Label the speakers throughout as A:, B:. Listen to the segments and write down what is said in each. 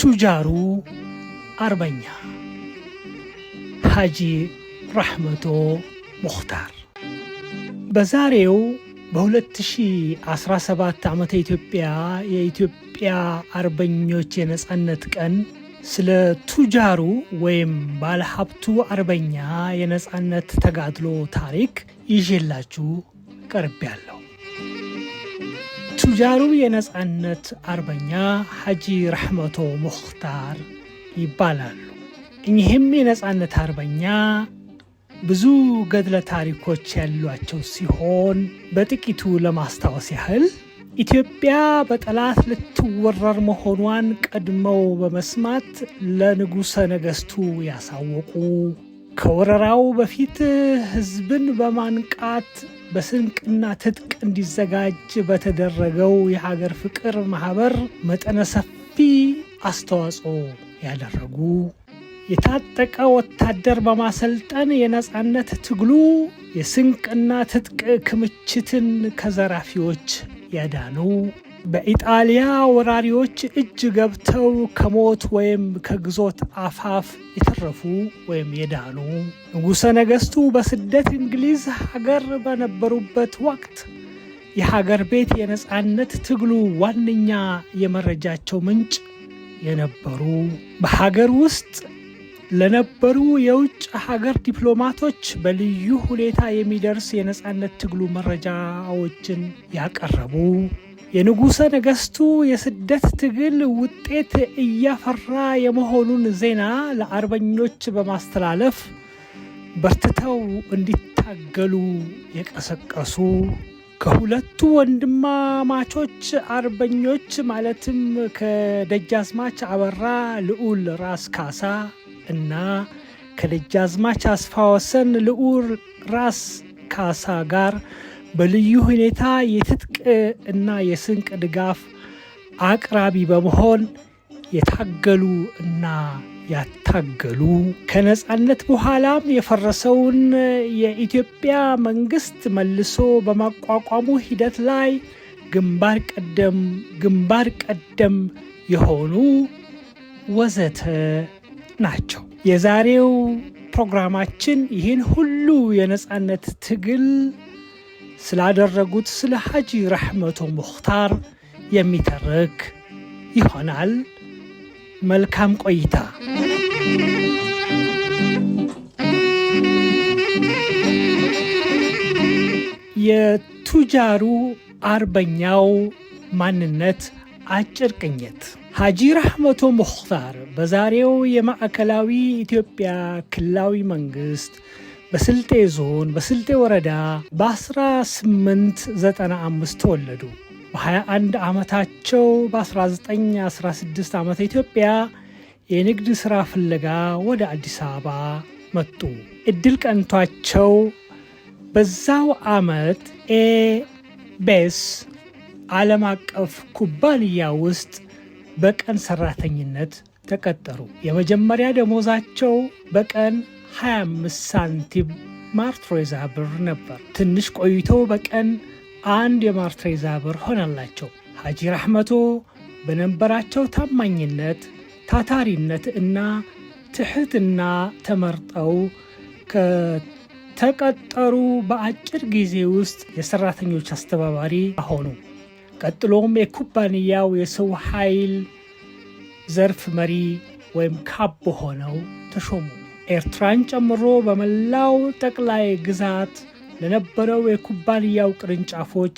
A: ቱጃሩ አርበኛ ሐጂ ራሕመቶ ሙኽታር በዛሬው በ2017 ዓመተ ኢትዮጵያ የኢትዮጵያ አርበኞች የነፃነት ቀን ስለ ቱጃሩ ወይም ባለሀብቱ አርበኛ የነፃነት ተጋድሎ ታሪክ ይዤላችሁ ቀርቤያለሁ። ቹጃሩ የነፃነት አርበኛ ሐጂ ረሕመቶ ሙኽታር ይባላሉ። እኚህም የነፃነት አርበኛ ብዙ ገድለ ታሪኮች ያሏቸው ሲሆን በጥቂቱ ለማስታወስ ያህል ኢትዮጵያ በጠላት ልትወረር መሆኗን ቀድመው በመስማት ለንጉሠ ነገሥቱ ያሳወቁ፣ ከወረራው በፊት ሕዝብን በማንቃት በስንቅና ትጥቅ እንዲዘጋጅ በተደረገው የሀገር ፍቅር ማህበር መጠነ ሰፊ አስተዋጽኦ ያደረጉ የታጠቀ ወታደር በማሰልጠን የነፃነት ትግሉ የስንቅና ትጥቅ ክምችትን ከዘራፊዎች ያዳኑ በኢጣሊያ ወራሪዎች እጅ ገብተው ከሞት ወይም ከግዞት አፋፍ የተረፉ ወይም የዳኑ ንጉሠ ነገሥቱ በስደት እንግሊዝ ሀገር በነበሩበት ወቅት የሀገር ቤት የነፃነት ትግሉ ዋነኛ የመረጃቸው ምንጭ የነበሩ በሀገር ውስጥ ለነበሩ የውጭ ሀገር ዲፕሎማቶች በልዩ ሁኔታ የሚደርስ የነፃነት ትግሉ መረጃዎችን ያቀረቡ የንጉሠ ነገሥቱ የስደት ትግል ውጤት እያፈራ የመሆኑን ዜና ለአርበኞች በማስተላለፍ በርትተው እንዲታገሉ የቀሰቀሱ ከሁለቱ ወንድማማቾች አርበኞች ማለትም ከደጃዝማች አበራ ልዑል ራስ ካሳ እና ከደጃዝማች አስፋወሰን ወሰን ልዑል ራስ ካሳ ጋር በልዩ ሁኔታ የትጥቅ እና የስንቅ ድጋፍ አቅራቢ በመሆን የታገሉ እና ያታገሉ ከነፃነት በኋላም የፈረሰውን የኢትዮጵያ መንግስት መልሶ በማቋቋሙ ሂደት ላይ ግንባር ቀደም ግንባር ቀደም የሆኑ ወዘተ ናቸው። የዛሬው ፕሮግራማችን ይህን ሁሉ የነፃነት ትግል ስላደረጉት ስለ ሐጂ ረሕመቱ ሙኽታር የሚተርክ ይሆናል። መልካም ቆይታ። የቱጃሩ አርበኛው ማንነት አጭር ቅኘት ሐጂ ረሕመቶ ሙኽታር በዛሬው የማዕከላዊ ኢትዮጵያ ክልላዊ መንግስት በስልጤ ዞን በስልጤ ወረዳ በ1895 ተወለዱ። በ21 ዓመታቸው በ1916 ዓመተ ኢትዮጵያ የንግድ ሥራ ፍለጋ ወደ አዲስ አበባ መጡ። እድል ቀንቷቸው በዛው ዓመት ኤቤስ ዓለም አቀፍ ኩባንያ ውስጥ በቀን ሰራተኝነት ተቀጠሩ። የመጀመሪያ ደሞዛቸው በቀን 25 ሳንቲም ማርትሬዛ ብር ነበር። ትንሽ ቆይተው በቀን አንድ የማርትሬዛ ብር ሆነላቸው። ሐጂ ራሕመቶ በነበራቸው ታማኝነት፣ ታታሪነት እና ትሕትና ተመርጠው ከተቀጠሩ በአጭር ጊዜ ውስጥ የሰራተኞች አስተባባሪ ሆኑ። ቀጥሎም የኩባንያው የሰው ኃይል ዘርፍ መሪ ወይም ካቦ ሆነው ተሾሙ። ኤርትራን ጨምሮ በመላው ጠቅላይ ግዛት ለነበረው የኩባንያው ቅርንጫፎች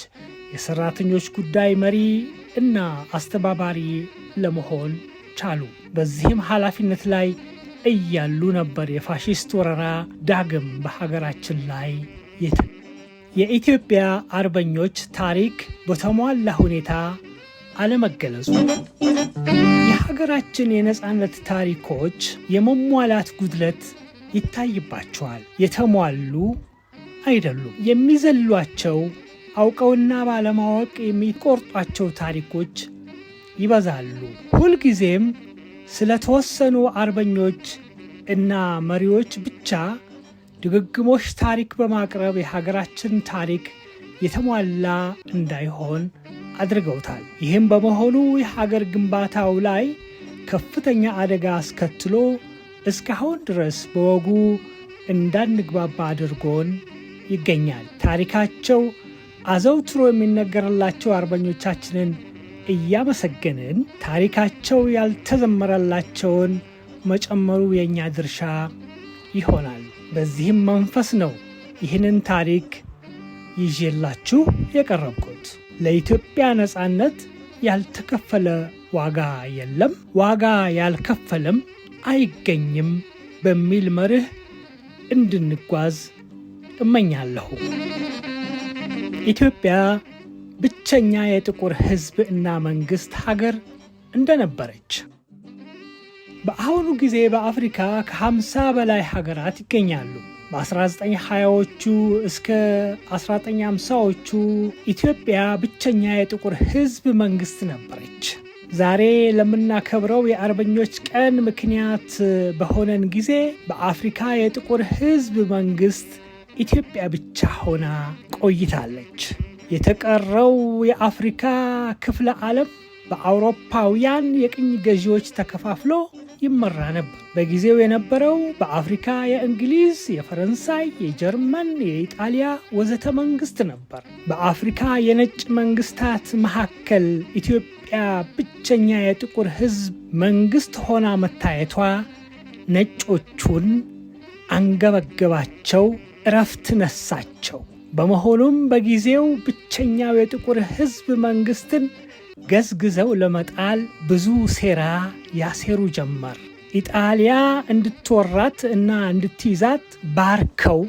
A: የሰራተኞች ጉዳይ መሪ እና አስተባባሪ ለመሆን ቻሉ። በዚህም ኃላፊነት ላይ እያሉ ነበር የፋሽስት ወረራ ዳግም በሀገራችን ላይ የት። የኢትዮጵያ አርበኞች ታሪክ በተሟላ ሁኔታ አለመገለጹ የሀገራችን የነፃነት ታሪኮች የመሟላት ጉድለት ይታይባቸዋል። የተሟሉ አይደሉም። የሚዘሏቸው አውቀውና ባለማወቅ የሚቆርጧቸው ታሪኮች ይበዛሉ። ሁልጊዜም ስለተወሰኑ አርበኞች እና መሪዎች ብቻ ድግግሞሽ ታሪክ በማቅረብ የሀገራችን ታሪክ የተሟላ እንዳይሆን አድርገውታል። ይህም በመሆኑ የሀገር ግንባታው ላይ ከፍተኛ አደጋ አስከትሎ እስካሁን ድረስ በወጉ እንዳንግባባ አድርጎን ይገኛል። ታሪካቸው አዘውትሮ የሚነገርላቸው አርበኞቻችንን እያመሰገንን ታሪካቸው ያልተዘመረላቸውን መጨመሩ የእኛ ድርሻ ይሆናል። በዚህም መንፈስ ነው ይህንን ታሪክ ይዤላችሁ የቀረብኩት። ለኢትዮጵያ ነፃነት ያልተከፈለ ዋጋ የለም፣ ዋጋ ያልከፈለም አይገኝም በሚል መርህ እንድንጓዝ እመኛለሁ። ኢትዮጵያ ብቸኛ የጥቁር ሕዝብ እና መንግሥት ሀገር እንደነበረች በአሁኑ ጊዜ በአፍሪካ ከ50 በላይ ሀገራት ይገኛሉ። በ1920ዎቹ እስከ 1950ዎቹ ኢትዮጵያ ብቸኛ የጥቁር ሕዝብ መንግሥት ነበረች። ዛሬ ለምናከብረው የአርበኞች ቀን ምክንያት በሆነን ጊዜ በአፍሪካ የጥቁር ሕዝብ መንግሥት ኢትዮጵያ ብቻ ሆና ቆይታለች። የተቀረው የአፍሪካ ክፍለ ዓለም በአውሮፓውያን የቅኝ ገዢዎች ተከፋፍሎ ይመራ ነበር። በጊዜው የነበረው በአፍሪካ የእንግሊዝ፣ የፈረንሳይ፣ የጀርመን፣ የኢጣሊያ ወዘተ መንግስት ነበር። በአፍሪካ የነጭ መንግስታት መካከል ኢትዮጵያ ብቸኛ የጥቁር ህዝብ መንግስት ሆና መታየቷ ነጮቹን አንገበገባቸው፣ እረፍት ነሳቸው። በመሆኑም በጊዜው ብቸኛው የጥቁር ህዝብ መንግስትን ገዝግዘው ለመጣል ብዙ ሴራ ያሴሩ ጀመር። ኢጣሊያ እንድትወራት እና እንድትይዛት ባርከው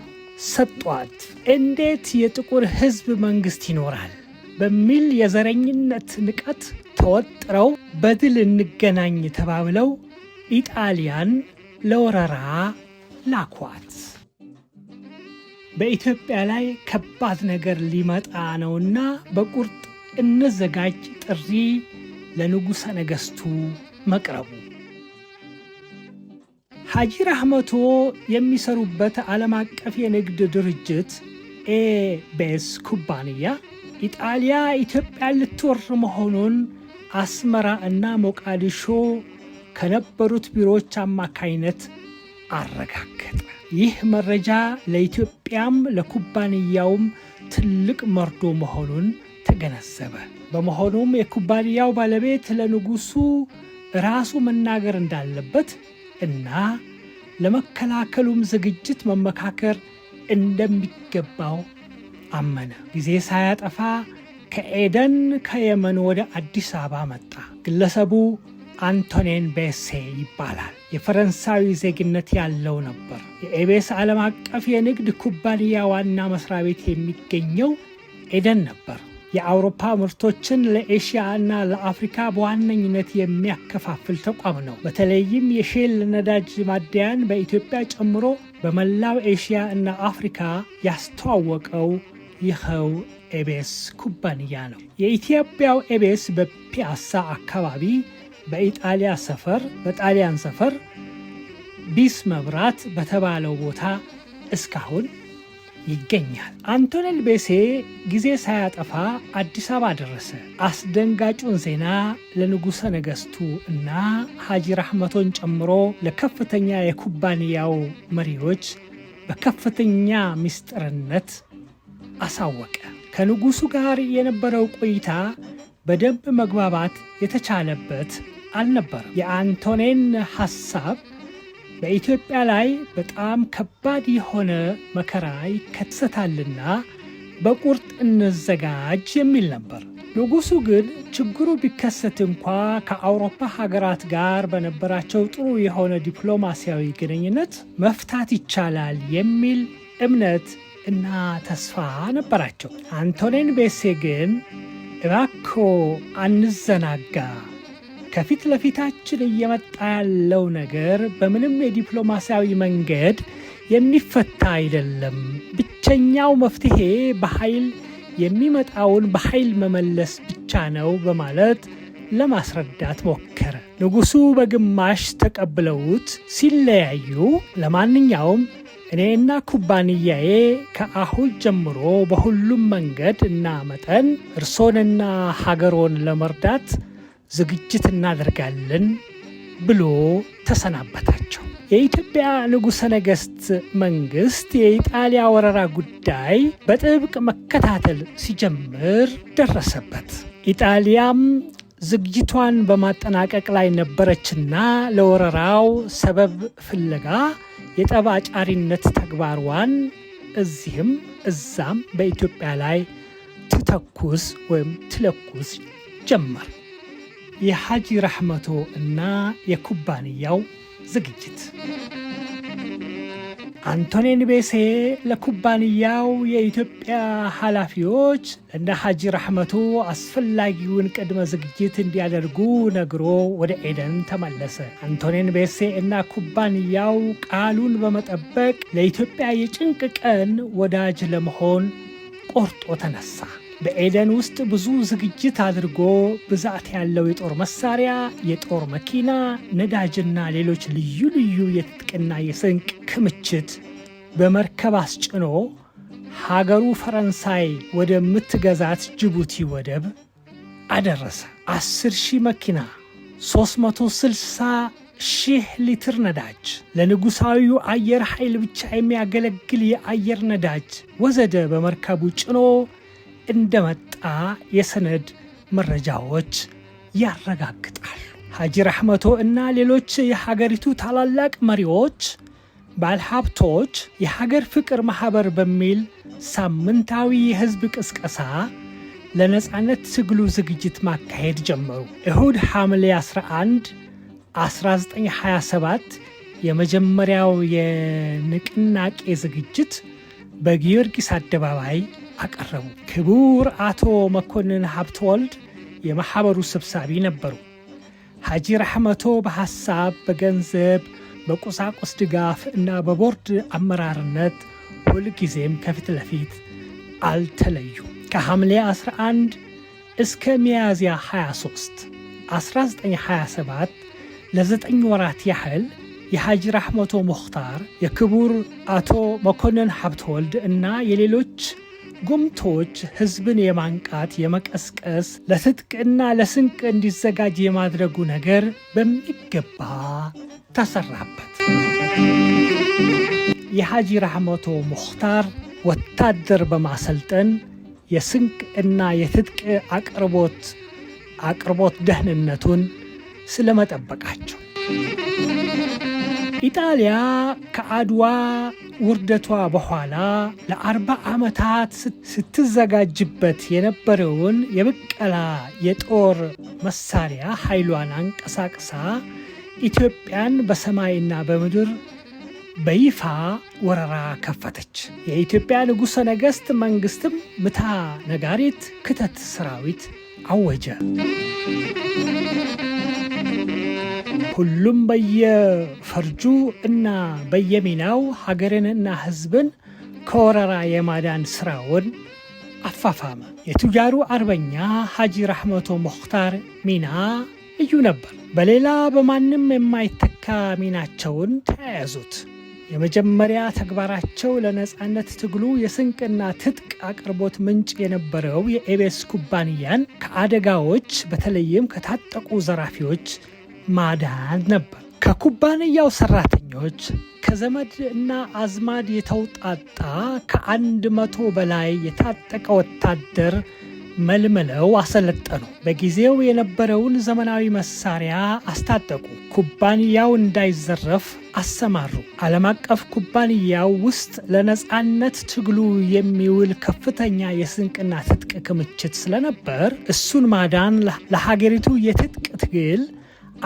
A: ሰጧት። እንዴት የጥቁር ሕዝብ መንግስት ይኖራል በሚል የዘረኝነት ንቀት ተወጥረው በድል እንገናኝ ተባብለው ኢጣሊያን ለወረራ ላኳት። በኢትዮጵያ ላይ ከባድ ነገር ሊመጣ ነውና በቁርጥ እንዘጋጅ ጥሪ ለንጉሠ ነገሥቱ መቅረቡ ሐጂ ራህመቶ የሚሰሩበት ዓለም አቀፍ የንግድ ድርጅት ኤቤስ ኩባንያ ኢጣሊያ ኢትዮጵያ ልትወር መሆኑን አስመራ እና ሞቃዲሾ ከነበሩት ቢሮዎች አማካይነት አረጋገጠ። ይህ መረጃ ለኢትዮጵያም ለኩባንያውም ትልቅ መርዶ መሆኑን ተገነዘበ። በመሆኑም የኩባንያው ባለቤት ለንጉሱ ራሱ መናገር እንዳለበት እና ለመከላከሉም ዝግጅት መመካከር እንደሚገባው አመነ። ጊዜ ሳያጠፋ ከኤደን ከየመን ወደ አዲስ አበባ መጣ። ግለሰቡ አንቶኔን ቤሴ ይባላል። የፈረንሳዊ ዜግነት ያለው ነበር። የኤቤስ ዓለም አቀፍ የንግድ ኩባንያ ዋና መስሪያ ቤት የሚገኘው ኤደን ነበር። የአውሮፓ ምርቶችን ለኤሽያ እና ለአፍሪካ በዋነኝነት የሚያከፋፍል ተቋም ነው። በተለይም የሼል ነዳጅ ማደያን በኢትዮጵያ ጨምሮ በመላው ኤሽያ እና አፍሪካ ያስተዋወቀው ይኸው ኤቤስ ኩባንያ ነው። የኢትዮጵያው ኤቤስ በፒያሳ አካባቢ በኢጣሊያ ሰፈር በጣሊያን ሰፈር ቢስ መብራት በተባለው ቦታ እስካሁን ይገኛል። አንቶኔል ቤሴ ጊዜ ሳያጠፋ አዲስ አበባ ደረሰ። አስደንጋጩን ዜና ለንጉሠ ነገሥቱ እና ሐጂ ራህመቶን ጨምሮ ለከፍተኛ የኩባንያው መሪዎች በከፍተኛ ምስጢርነት አሳወቀ። ከንጉሡ ጋር የነበረው ቆይታ በደንብ መግባባት የተቻለበት አልነበረም። የአንቶኔን ሐሳብ በኢትዮጵያ ላይ በጣም ከባድ የሆነ መከራ ይከሰታልና በቁርጥ እንዘጋጅ የሚል ነበር። ንጉሡ ግን ችግሩ ቢከሰት እንኳ ከአውሮፓ ሀገራት ጋር በነበራቸው ጥሩ የሆነ ዲፕሎማሲያዊ ግንኙነት መፍታት ይቻላል የሚል እምነት እና ተስፋ ነበራቸው። አንቶኔን ቤሴ ግን እባክዎ አንዘናጋ ከፊት ለፊታችን እየመጣ ያለው ነገር በምንም የዲፕሎማሲያዊ መንገድ የሚፈታ አይደለም። ብቸኛው መፍትሄ በኃይል የሚመጣውን በኃይል መመለስ ብቻ ነው በማለት ለማስረዳት ሞከረ። ንጉሡ በግማሽ ተቀብለውት ሲለያዩ፣ ለማንኛውም እኔና ኩባንያዬ ከአሁን ጀምሮ በሁሉም መንገድ እና መጠን እርሶንና ሀገሮን ለመርዳት ዝግጅት እናደርጋለን ብሎ ተሰናበታቸው። የኢትዮጵያ ንጉሠ ነገሥት መንግሥት የኢጣሊያ ወረራ ጉዳይ በጥብቅ መከታተል ሲጀምር ደረሰበት። ኢጣሊያም ዝግጅቷን በማጠናቀቅ ላይ ነበረችና ለወረራው ሰበብ ፍለጋ የጠብ አጫሪነት ተግባሯን እዚህም እዛም በኢትዮጵያ ላይ ትተኩስ ወይም ትለኩስ ጀመር። የሐጂ ረሕመቶ እና የኩባንያው ዝግጅት አንቶኔን ቤሴ ለኩባንያው የኢትዮጵያ ኃላፊዎች እንደ ሐጂ ረሕመቶ አስፈላጊውን ቅድመ ዝግጅት እንዲያደርጉ ነግሮ ወደ ኤደን ተመለሰ። አንቶኒ ቤሴ እና ኩባንያው ቃሉን በመጠበቅ ለኢትዮጵያ የጭንቅ ቀን ወዳጅ ለመሆን ቆርጦ ተነሳ። በኤደን ውስጥ ብዙ ዝግጅት አድርጎ ብዛት ያለው የጦር መሳሪያ፣ የጦር መኪና፣ ነዳጅና ሌሎች ልዩ ልዩ የትጥቅና የስንቅ ክምችት በመርከብ አስጭኖ ሀገሩ ፈረንሳይ ወደምትገዛት ጅቡቲ ወደብ አደረሰ። 10 ሺህ መኪና፣ 360 ሺህ ሊትር ነዳጅ፣ ለንጉሳዊው አየር ኃይል ብቻ የሚያገለግል የአየር ነዳጅ ወዘደ በመርከቡ ጭኖ እንደመጣ የሰነድ መረጃዎች ያረጋግጣል። ሀጂ ራህመቶ እና ሌሎች የሀገሪቱ ታላላቅ መሪዎች፣ ባለሀብቶች የሀገር ፍቅር ማኅበር በሚል ሳምንታዊ የሕዝብ ቅስቀሳ ለነፃነት ትግሉ ዝግጅት ማካሄድ ጀመሩ። እሁድ ሐምሌ 11 1927 የመጀመሪያው የንቅናቄ ዝግጅት በጊዮርጊስ አደባባይ አቀረቡ። ክቡር አቶ መኮንን ሀብተወልድ የማኅበሩ ሰብሳቢ ነበሩ። ሐጂ ረሕመቶ በሐሳብ፣ በገንዘብ፣ በቁሳቁስ ድጋፍ እና በቦርድ አመራርነት ሁል ጊዜም ከፊት ለፊት አልተለዩ። ከሐምሌ 11 እስከ ሚያዝያ 23 1927 ለዘጠኝ ወራት ያህል የሐጂ ረሕመቶ ሙኽታር የክቡር አቶ መኮንን ሀብተወልድ እና የሌሎች ጉምቶች ህዝብን የማንቃት የመቀስቀስ፣ ለትጥቅና ለስንቅ እንዲዘጋጅ የማድረጉ ነገር በሚገባ ተሰራበት። የሐጂ ራህመቶ ሙኽታር ወታደር በማሰልጠን የስንቅ እና የትጥቅ አቅርቦት አቅርቦት ደህንነቱን ስለመጠበቃቸው ኢጣሊያ ከአድዋ ውርደቷ በኋላ ለአርባ ዓመታት ስትዘጋጅበት የነበረውን የብቀላ የጦር መሳሪያ ኃይሏን አንቀሳቅሳ ኢትዮጵያን በሰማይና በምድር በይፋ ወረራ ከፈተች። የኢትዮጵያ ንጉሠ ነገሥት መንግሥትም ምታ ነጋሪት ክተት ሰራዊት አወጀ። ሁሉም በየፈርጁ እና በየሚናው ሀገርን እና ህዝብን ከወረራ የማዳን ስራውን አፋፋመ። የቱጃሩ አርበኛ ሐጂ ራሕመቶ ሙኽታር ሚና ልዩ ነበር። በሌላ በማንም የማይተካ ሚናቸውን ተያያዙት። የመጀመሪያ ተግባራቸው ለነፃነት ትግሉ የስንቅና ትጥቅ አቅርቦት ምንጭ የነበረው የኤቤስ ኩባንያን ከአደጋዎች በተለይም ከታጠቁ ዘራፊዎች ማዳን ነበር። ከኩባንያው ሰራተኞች ከዘመድ እና አዝማድ የተውጣጣ ከአንድ መቶ በላይ የታጠቀ ወታደር መልምለው አሰለጠኑ። በጊዜው የነበረውን ዘመናዊ መሳሪያ አስታጠቁ። ኩባንያው እንዳይዘረፍ አሰማሩ። ዓለም አቀፍ ኩባንያው ውስጥ ለነፃነት ትግሉ የሚውል ከፍተኛ የስንቅና ትጥቅ ክምችት ስለነበር እሱን ማዳን ለሀገሪቱ የትጥቅ ትግል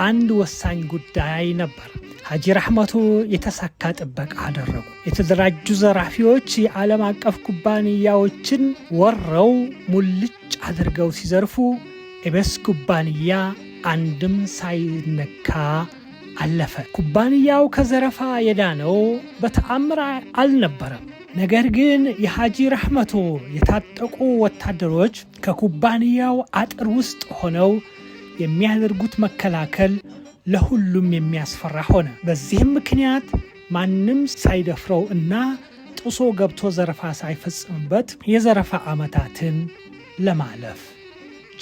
A: አንድ ወሳኝ ጉዳይ ነበር። ሀጂ ረሕመቱ የተሳካ ጥበቃ አደረጉ። የተደራጁ ዘራፊዎች የዓለም አቀፍ ኩባንያዎችን ወረው ሙልጭ አድርገው ሲዘርፉ ኤቤስ ኩባንያ አንድም ሳይነካ አለፈ። ኩባንያው ከዘረፋ የዳነው በተአምር አልነበረም። ነገር ግን የሀጂ ረሕመቱ የታጠቁ ወታደሮች ከኩባንያው አጥር ውስጥ ሆነው የሚያደርጉት መከላከል ለሁሉም የሚያስፈራ ሆነ። በዚህም ምክንያት ማንም ሳይደፍረው እና ጥሶ ገብቶ ዘረፋ ሳይፈጽምበት የዘረፋ ዓመታትን ለማለፍ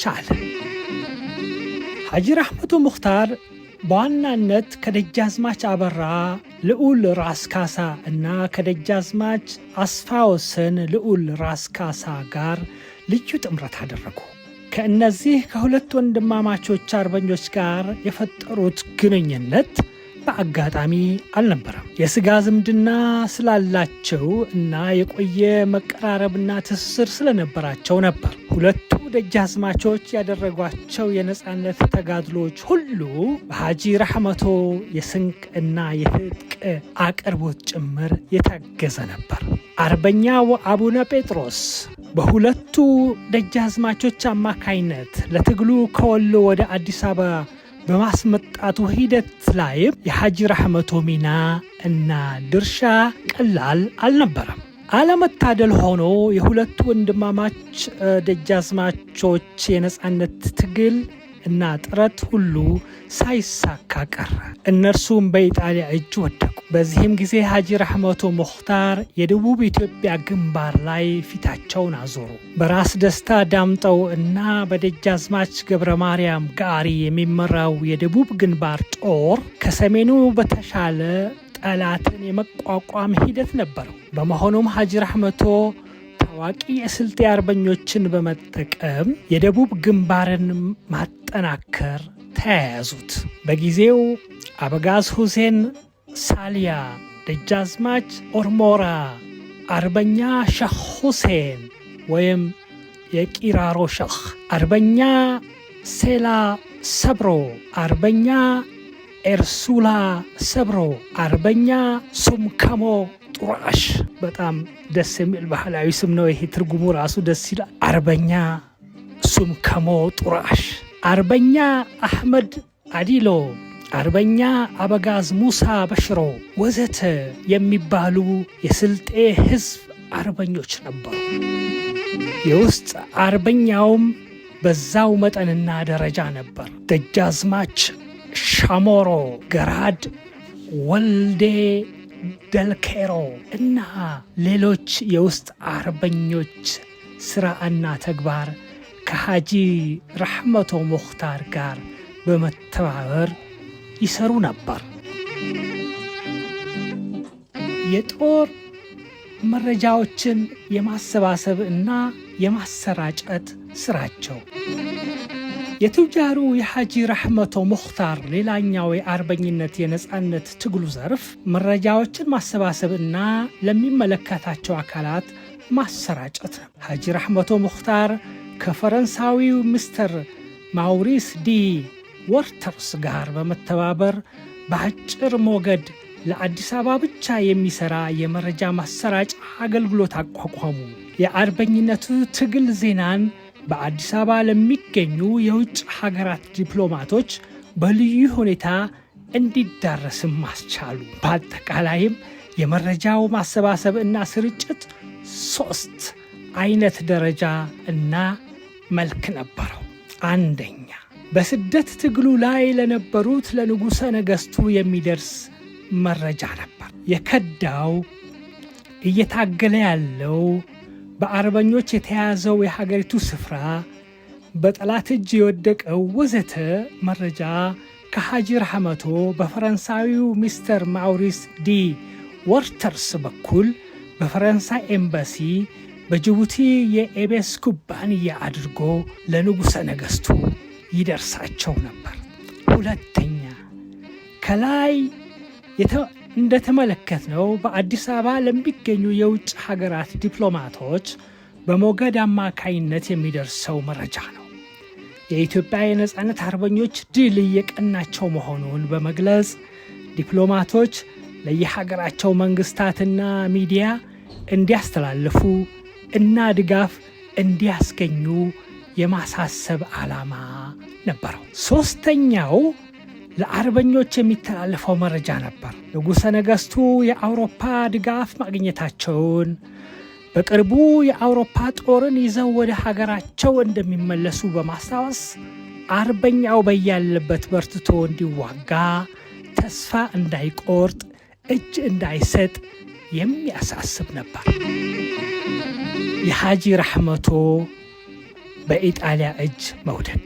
A: ቻለ። ሐጂ ራሕመቱ ሙኽታር በዋናነት ከደጃዝማች አበራ ልዑል ራስ ካሳ እና ከደጃዝማች አስፋ ወሰን ልዑል ራስ ካሳ ጋር ልዩ ጥምረት አደረጉ። ከእነዚህ ከሁለት ወንድማማቾች አርበኞች ጋር የፈጠሩት ግንኙነት በአጋጣሚ አልነበረም። የስጋ ዝምድና ስላላቸው እና የቆየ መቀራረብና ትስስር ስለነበራቸው ነበር። ሁለቱ ደጃዝማቾች ያደረጓቸው የነፃነት ተጋድሎች ሁሉ በሐጂ ረሕመቶ የስንቅ እና የትጥቅ አቅርቦት ጭምር የታገዘ ነበር። አርበኛው አቡነ ጴጥሮስ በሁለቱ ደጃዝማቾች አማካይነት ለትግሉ ከወሎ ወደ አዲስ አበባ በማስመጣቱ ሂደት ላይ የሐጂ ራህመቶ ሚና እና ድርሻ ቀላል አልነበረም። አለመታደል ሆኖ የሁለቱ ወንድማማች ደጃዝማቾች የነፃነት ትግል እና ጥረት ሁሉ ሳይሳካ ቀረ። እነርሱም በኢጣሊያ እጅ ወደቁ። በዚህም ጊዜ ሐጂ ረሕመቶ ሙኽታር የደቡብ ኢትዮጵያ ግንባር ላይ ፊታቸውን አዞሩ። በራስ ደስታ ዳምጠው እና በደጃዝማች ገብረ ማርያም ጋሪ የሚመራው የደቡብ ግንባር ጦር ከሰሜኑ በተሻለ ጠላትን የመቋቋም ሂደት ነበረው። በመሆኑም ሐጂ ረሕመቶ ታዋቂ የስልጤ አርበኞችን በመጠቀም የደቡብ ግንባርን ማጠናከር ተያያዙት። በጊዜው አበጋዝ ሁሴን ሳሊያ ደጃዝማች ኦርሞራ አርበኛ ሸህ ሁሴን ወይም የቂራሮ ሸህ፣ አርበኛ ሴላ ሰብሮ፣ አርበኛ ኤርሱላ ሰብሮ፣ አርበኛ ሱምከሞ ጡራሽ። በጣም ደስ የሚል ባህላዊ ስም ነው። ይሄ ትርጉሙ ራሱ ደስ ይላል። አርበኛ ሱምከሞ ጡራሽ፣ አርበኛ አሕመድ አዲሎ አርበኛ አበጋዝ ሙሳ በሽሮ ወዘተ የሚባሉ የስልጤ ሕዝብ አርበኞች ነበሩ። የውስጥ አርበኛውም በዛው መጠንና ደረጃ ነበር። ደጃዝማች ሻሞሮ ገራድ፣ ወልዴ ደልኬሮ እና ሌሎች የውስጥ አርበኞች ስራና ተግባር ከሐጂ ረሕመቶ ሙኽታር ጋር በመተባበር ይሰሩ ነበር። የጦር መረጃዎችን የማሰባሰብ እና የማሰራጨት ስራቸው የቱጃሩ የሐጂ ረሕመቶ ሙኽታር ሌላኛው የአርበኝነት የነፃነት ትግሉ ዘርፍ መረጃዎችን ማሰባሰብ እና ለሚመለከታቸው አካላት ማሰራጨት ነው። ሐጂ ረሕመቶ ሙኽታር ከፈረንሳዊው ምስተር ማውሪስ ዲ ወርተርስ ጋር በመተባበር በአጭር ሞገድ ለአዲስ አበባ ብቻ የሚሰራ የመረጃ ማሰራጫ አገልግሎት አቋቋሙ። የአርበኝነቱ ትግል ዜናን በአዲስ አበባ ለሚገኙ የውጭ ሀገራት ዲፕሎማቶች በልዩ ሁኔታ እንዲዳረስም ማስቻሉ። በአጠቃላይም የመረጃው ማሰባሰብ እና ስርጭት ሶስት አይነት ደረጃ እና መልክ ነበረው። አንደኛ በስደት ትግሉ ላይ ለነበሩት ለንጉሠ ነገሥቱ የሚደርስ መረጃ ነበር። የከዳው እየታገለ ያለው በአርበኞች የተያዘው የሀገሪቱ ስፍራ በጠላት እጅ የወደቀው ወዘተ መረጃ ከሐጂ ራህመቶ በፈረንሳዊው ሚስተር ማውሪስ ዲ ወርተርስ በኩል በፈረንሳይ ኤምባሲ በጅቡቲ የኤቤስ ኩባንያ አድርጎ ለንጉሠ ነገሥቱ ይደርሳቸው ነበር። ሁለተኛ ከላይ እንደተመለከትነው በአዲስ አበባ ለሚገኙ የውጭ ሀገራት ዲፕሎማቶች በሞገድ አማካይነት የሚደርሰው መረጃ ነው። የኢትዮጵያ የነፃነት አርበኞች ድል እየቀናቸው መሆኑን በመግለጽ ዲፕሎማቶች ለየሀገራቸው መንግስታትና ሚዲያ እንዲያስተላልፉ እና ድጋፍ እንዲያስገኙ የማሳሰብ ዓላማ ነበረው። ሶስተኛው ለአርበኞች የሚተላለፈው መረጃ ነበር። ንጉሠ ነገሥቱ የአውሮፓ ድጋፍ ማግኘታቸውን በቅርቡ የአውሮፓ ጦርን ይዘው ወደ ሀገራቸው እንደሚመለሱ በማስታወስ አርበኛው በያለበት በርትቶ እንዲዋጋ ተስፋ እንዳይቆርጥ እጅ እንዳይሰጥ የሚያሳስብ ነበር። የሐጂ ራሕመቶ በኢጣሊያ እጅ መውደቅ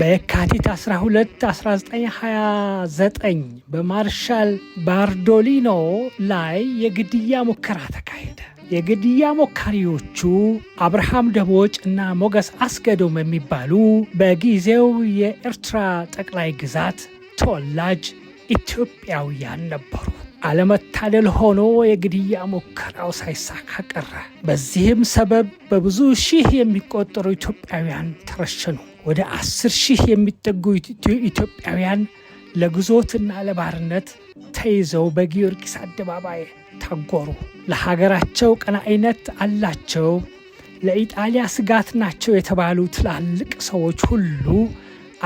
A: በየካቲት 12 1929 በማርሻል ባርዶሊኖ ላይ የግድያ ሙከራ ተካሄደ። የግድያ ሞካሪዎቹ አብርሃም ደቦጭ እና ሞገስ አስገዶም የሚባሉ በጊዜው የኤርትራ ጠቅላይ ግዛት ተወላጅ ኢትዮጵያውያን ነበሩ። አለመታደል ሆኖ የግድያ ሙከራው ሳይሳካ ቀረ። በዚህም ሰበብ በብዙ ሺህ የሚቆጠሩ ኢትዮጵያውያን ተረሸኑ። ወደ አስር ሺህ የሚጠጉ ኢትዮጵያውያን ለግዞትና ለባርነት ተይዘው በጊዮርጊስ አደባባይ ታጎሩ። ለሀገራቸው ቀናኢነት አላቸው፣ ለኢጣሊያ ስጋት ናቸው የተባሉ ትላልቅ ሰዎች ሁሉ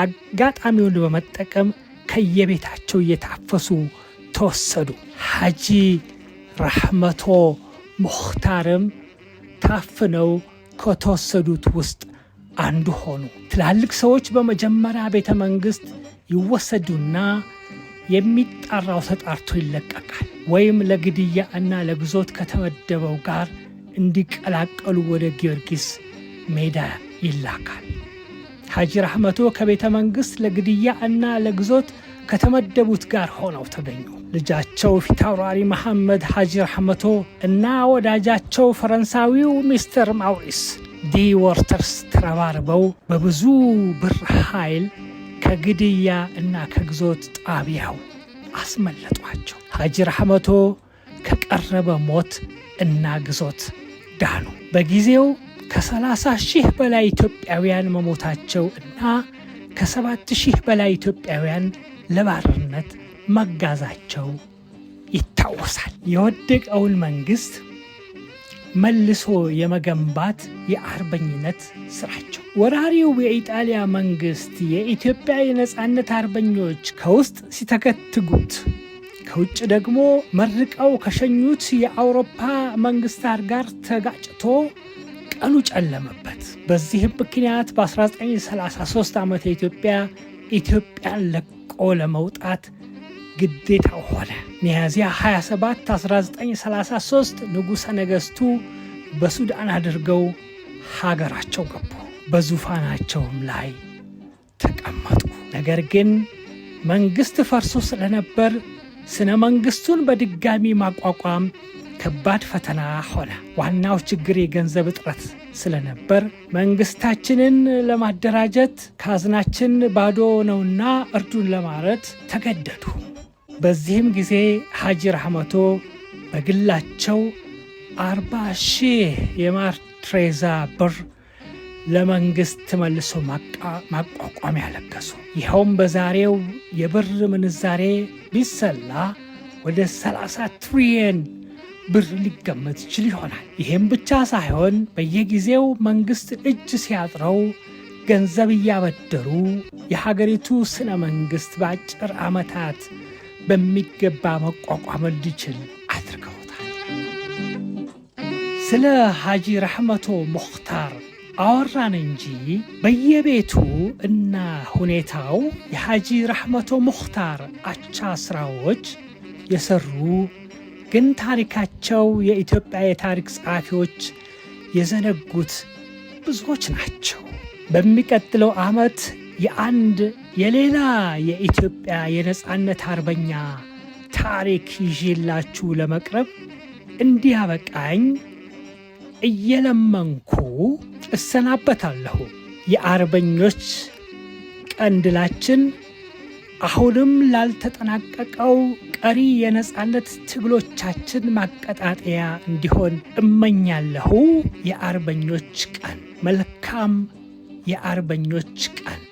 A: አጋጣሚውን በመጠቀም ከየቤታቸው እየታፈሱ ተወሰዱ። ሐጂ ራሕመቶ ሙኽታርም ታፍነው ከተወሰዱት ውስጥ አንዱ ሆኑ። ትላልቅ ሰዎች በመጀመሪያ ቤተ መንግሥት ይወሰዱና የሚጣራው ተጣርቶ ይለቀቃል፣ ወይም ለግድያ እና ለግዞት ከተመደበው ጋር እንዲቀላቀሉ ወደ ጊዮርጊስ ሜዳ ይላካል። ሐጂ ራሕመቶ ከቤተ መንግሥት ለግድያ እና ለግዞት ከተመደቡት ጋር ሆነው ተገኙ። ልጃቸው ፊታውራሪ መሐመድ ሐጂ ረሕመቶ እና ወዳጃቸው ፈረንሳዊው ሚስተር ማውሪስ ዲ ወርተርስ ተረባርበው በብዙ ብር ኃይል ከግድያ እና ከግዞት ጣቢያው አስመለጧቸው። ሐጂ ረሕመቶ ከቀረበ ሞት እና ግዞት ዳኑ። በጊዜው ከ30 ሺህ በላይ ኢትዮጵያውያን መሞታቸው እና ከ7 ሺህ በላይ ኢትዮጵያውያን ለባርነት መጋዛቸው ይታወሳል። የወደቀውን መንግስት መልሶ የመገንባት የአርበኝነት ስራቸው ወራሪው የኢጣሊያ መንግስት የኢትዮጵያ የነፃነት አርበኞች ከውስጥ ሲተከትጉት ከውጭ ደግሞ መርቀው ከሸኙት የአውሮፓ መንግስታት ጋር ተጋጭቶ ቀኑ ጨለመበት። በዚህም ምክንያት በ1933 ዓመተ ኢትዮጵያ ኢትዮጵያን ለቆ ለመውጣት ግዴታ ሆነ። ሚያዝያ 27 1933 ንጉሠ ነገሥቱ በሱዳን አድርገው ሀገራቸው ገቡ። በዙፋናቸውም ላይ ተቀመጡ። ነገር ግን መንግሥት ፈርሶ ስለነበር ስነ መንግሥቱን በድጋሚ ማቋቋም ከባድ ፈተና ሆነ። ዋናው ችግር የገንዘብ እጥረት ስለነበር መንግሥታችንን ለማደራጀት ካዝናችን ባዶ ነውና እርዱን ለማለት ተገደዱ። በዚህም ጊዜ ሐጂ ረሕመቶ በግላቸው አርባ ሺህ የማር ትሬዛ ብር ለመንግስት መልሶ ማቋቋም ያለገሱ። ይኸውም በዛሬው የብር ምንዛሬ ቢሰላ ወደ 30 ትሪየን ብር ሊገመት ይችል ይሆናል። ይህም ብቻ ሳይሆን በየጊዜው መንግስት እጅ ሲያጥረው ገንዘብ እያበደሩ የሀገሪቱ ስነ መንግስት በአጭር ዓመታት በሚገባ መቋቋም እንዲችል አድርገውታል። ስለ ሐጂ ረሕመቶ ሙኽታር አወራን እንጂ በየቤቱ እና ሁኔታው የሐጂ ረሕመቶ ሙኽታር አቻ ስራዎች የሰሩ ግን ታሪካቸው የኢትዮጵያ የታሪክ ጸሐፊዎች የዘነጉት ብዙዎች ናቸው። በሚቀጥለው ዓመት የአንድ የሌላ የኢትዮጵያ የነፃነት አርበኛ ታሪክ ይዤላችሁ ለመቅረብ እንዲህ አበቃኝ እየለመንኩ እሰናበታለሁ። የአርበኞች ቀን ድላችን አሁንም ላልተጠናቀቀው ቀሪ የነፃነት ትግሎቻችን ማቀጣጠያ እንዲሆን እመኛለሁ። የአርበኞች ቀን መልካም የአርበኞች ቀን